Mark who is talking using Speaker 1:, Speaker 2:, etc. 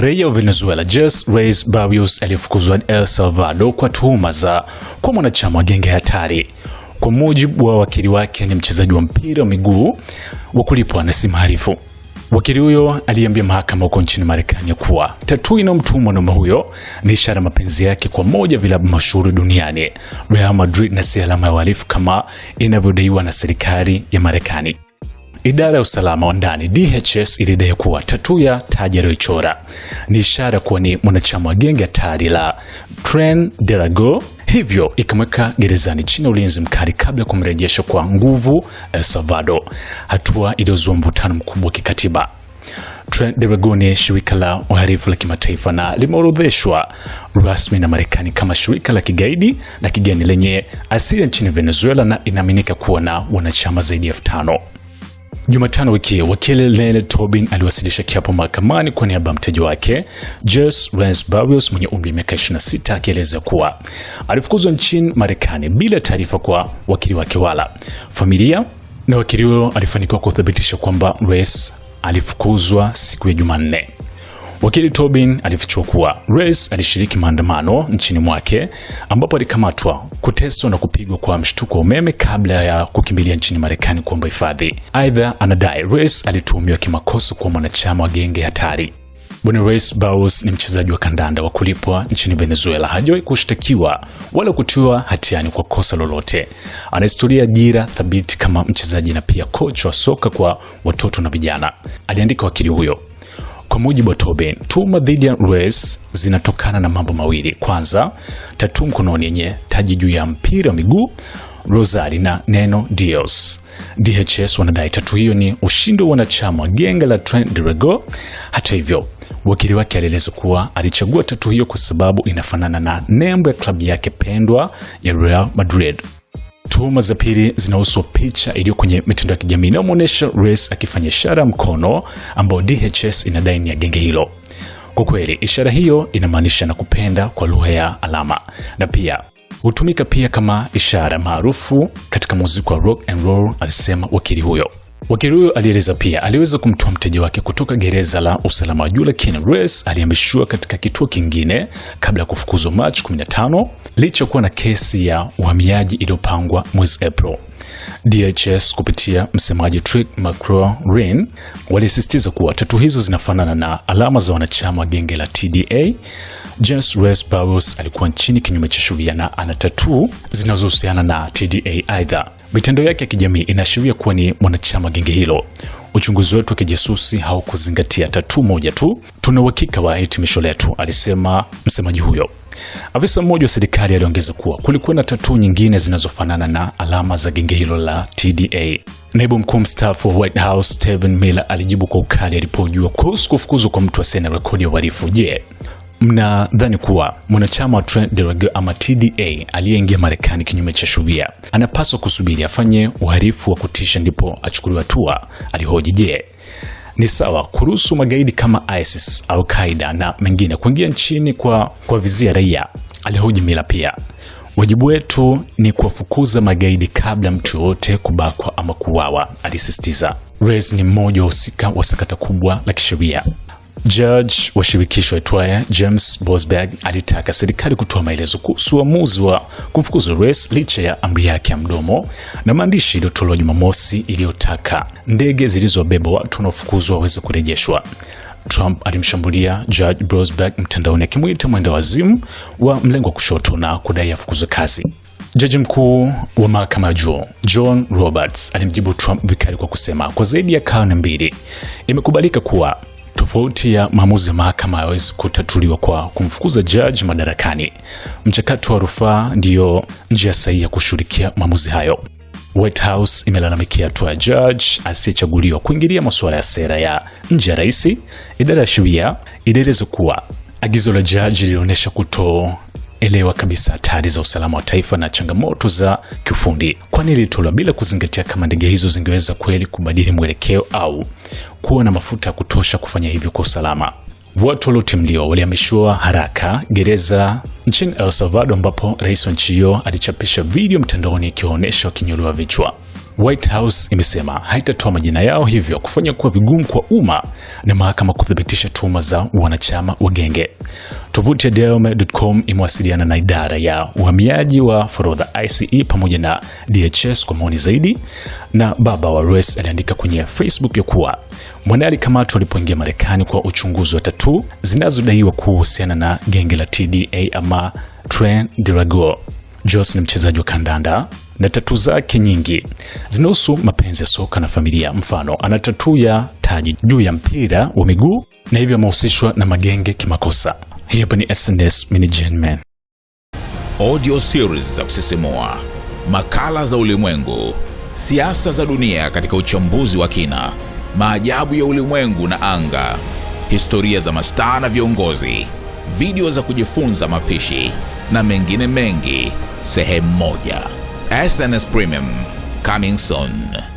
Speaker 1: Raia wa Venezuela Jesse Reyes Barrios aliyefukuzwa El Salvador kwa tuhuma za kuwa mwanachama wa genge hatari. Kwa mujibu wa wakili wake, ni mchezaji wa mpira wa miguu wa kulipwa na si mhalifu. Wakili huyo aliambia mahakama huko nchini Marekani kuwa tatuu inayomtuma mwanaume huyo ni ishara mapenzi yake kwa moja vilabu mashuhuri duniani Real Madrid, na si alama ya uhalifu kama inavyodaiwa na serikali ya Marekani. Idara ya usalama wa ndani DHS ilidai kuwa Tatuya Taji aliyoichora ni ishara kuwa ni mwanachama wa genge hatari la Tren de Go, hivyo ikamweka gerezani chini ya ulinzi mkali kabla ya kumrejesha kwa nguvu El Salvador, hatua iliyozua mvutano mkubwa wa kikatiba. Tren de Go ni shirika la uhalifu la kimataifa na limeorodheshwa rasmi na Marekani kama shirika la kigaidi la kigeni lenye asili nchini Venezuela na inaaminika kuwa na wanachama zaidi ya elfu tano. Jumatano wiki hii wakili Lele Tobin aliwasilisha kiapo mahakamani kwa niaba ya mteja wake Jess Rance Barrios mwenye umri wa miaka 26 akieleza kuwa alifukuzwa nchini Marekani bila taarifa kwa wakili wake wala familia, na wakili huyo alifanikiwa kuthibitisha kwamba Rance alifukuzwa siku ya Jumanne. Wakili Tobin alifichua kuwa Grace alishiriki maandamano nchini mwake ambapo alikamatwa, kuteswa na kupigwa kwa mshtuko wa umeme kabla ya kukimbilia nchini Marekani kuomba hifadhi. Aidha, anadai Grace alituhumiwa kimakosa kuwa mwanachama wa genge hatari. Bwana Reis Baus ni mchezaji wa kandanda wa kulipwa nchini Venezuela. Hajawahi kushtakiwa wala kutiwa hatiani kwa kosa lolote. Ana historia ajira thabiti kama mchezaji na pia kocha wa soka kwa watoto na vijana, aliandika wakili huyo. Kwa mujibu wa Tobin, tuma dhidi ya Ruiz zinatokana na mambo mawili. Kwanza, tatu mkononi yenye taji juu ya mpira wa miguu Rosari na neno Dios. DHS wanadai tatu hiyo ni ushindi wa wanachama wa genge la Tren derego Rego. Hata hivyo, wakili wake alieleza kuwa alichagua tatu hiyo kwa sababu inafanana na nembo ya klabu yake pendwa ya Real Madrid. Tuhuma za pili zinahusu picha iliyo kwenye mitandao ya kijamii inayomwonyesha Grace akifanya ishara mkono ambayo DHS inadai ni ya genge hilo. Kwa kweli ishara hiyo inamaanisha na kupenda kwa lugha ya alama, na pia hutumika pia kama ishara maarufu katika muziki wa rock and roll, alisema wakili huyo. Wakili huyo alieleza pia aliweza kumtoa mteja wake kutoka gereza la usalama wa juu, lakini Grace alihamishiwa katika kituo kingine kabla ya kufukuzwa Machi 15 licha kuwa na kesi ya uhamiaji iliyopangwa mwezi April. DHS kupitia msemaji Trick McCrory walisisitiza kuwa tatu hizo zinafanana na alama za wanachama wa genge la TDA. James Reyes Burroughs alikuwa nchini kinyume cha sheria na ana tatuu zinazohusiana na TDA. Aidha, Mitendo yake ya kijamii inaashiria kuwa ni mwanachama genge hilo. Uchunguzi wetu wa kijasusi haukuzingatia tatu moja tu, tuna uhakika wa hitimisho letu, alisema msemaji huyo. Afisa mmoja wa serikali aliongeza kuwa kulikuwa na tatu nyingine zinazofanana na alama za genge hilo la TDA. Naibu mkuu mstaafu wa White House Stephen Miller alijibu kwa ukali alipojua kuhusu kufukuzwa kwa mtu asiye na rekodi ya uhalifu. Je, mnadhani kuwa mwanachama wa Trent Derog ama TDA aliyeingia Marekani kinyume cha sheria anapaswa kusubiri afanye uhalifu wa kutisha ndipo achukuliwe hatua? Alihoji. Je, ni sawa kuruhusu magaidi kama ISIS, Al Qaida na mengine kuingia nchini kwa, kwa vizia raia? Alihoji Mila. Pia wajibu wetu ni kuwafukuza magaidi kabla mtu yoyote kubakwa ama kuuawa, alisisitiza. Reyes ni mmoja wa husika wa sakata kubwa la kisheria Judge wa shirikisho aitwaye James Bosberg alitaka serikali kutoa maelezo kuhusu uamuzi wa kumfukuza rais licha ya amri yake ya mdomo na maandishi iliyotolewa Jumamosi iliyotaka ndege zilizobeba watu wanaofukuzwa waweze kurejeshwa. Trump alimshambulia Judge Bosberg mtandaoni akimwita mwenda wazimu wa mlengo wa kushoto na kudai afukuzwe kazi. Jaji mkuu wa mahakama ya juu John Roberts alimjibu Trump vikali kwa kusema, kwa zaidi ya karne mbili imekubalika kuwa Tofauti ya maamuzi ya mahakama hayawezi kutatuliwa kwa kumfukuza jaji madarakani. Mchakato wa rufaa ndiyo njia sahihi ya kushughulikia maamuzi hayo. White House imelalamikia hatua ya jaji asiyechaguliwa kuingilia masuala ya sera ya nje ya rais. Idara ya sheria ilieleza kuwa agizo la jaji lilionyesha kuto elewa kabisa hatari za usalama wa taifa na changamoto za kiufundi, kwani ilitolewa bila kuzingatia kama ndege hizo zingeweza kweli kubadili mwelekeo au kuwa na mafuta ya kutosha kufanya hivyo kwa usalama. Watu waliotimliwa walihamishiwa haraka gereza nchini El Salvador, ambapo rais wa nchi hiyo alichapisha video mtandaoni ikiwaonyesha wakinyoliwa vichwa. White House imesema haitatoa majina yao, hivyo kufanya kuwa vigumu kwa umma na mahakama kuthibitisha tuhuma za wanachama wa genge. Tovuti ya Delo.com imewasiliana na idara ya uhamiaji wa forodha ICE pamoja na DHS kwa maoni zaidi, na baba wa Res aliandika kwenye Facebook ya kuwa mwanaye alikamatwa alipoingia Marekani kwa uchunguzi wa tatuu zinazodaiwa kuhusiana na genge la TDA ama Tren de Aragua. Jos ni mchezaji wa kandanda na tatu zake nyingi zinahusu mapenzi ya soka na familia. Mfano, ana tatu ya taji juu ya mpira wa miguu na hivyo amehusishwa na magenge kimakosa. Hii hapa ni SNS Gentleman. Audio series za kusisimua, makala za ulimwengu, siasa za dunia katika uchambuzi wa kina, maajabu ya ulimwengu na anga, historia za mastaa na viongozi, video za kujifunza mapishi na mengine mengi, sehemu moja. SNS Premium. Coming soon.